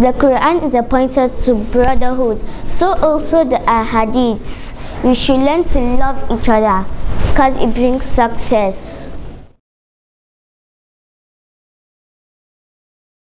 The Quran is appointed to brotherhood, so also the ahadiths. We should learn to love each other because it brings success.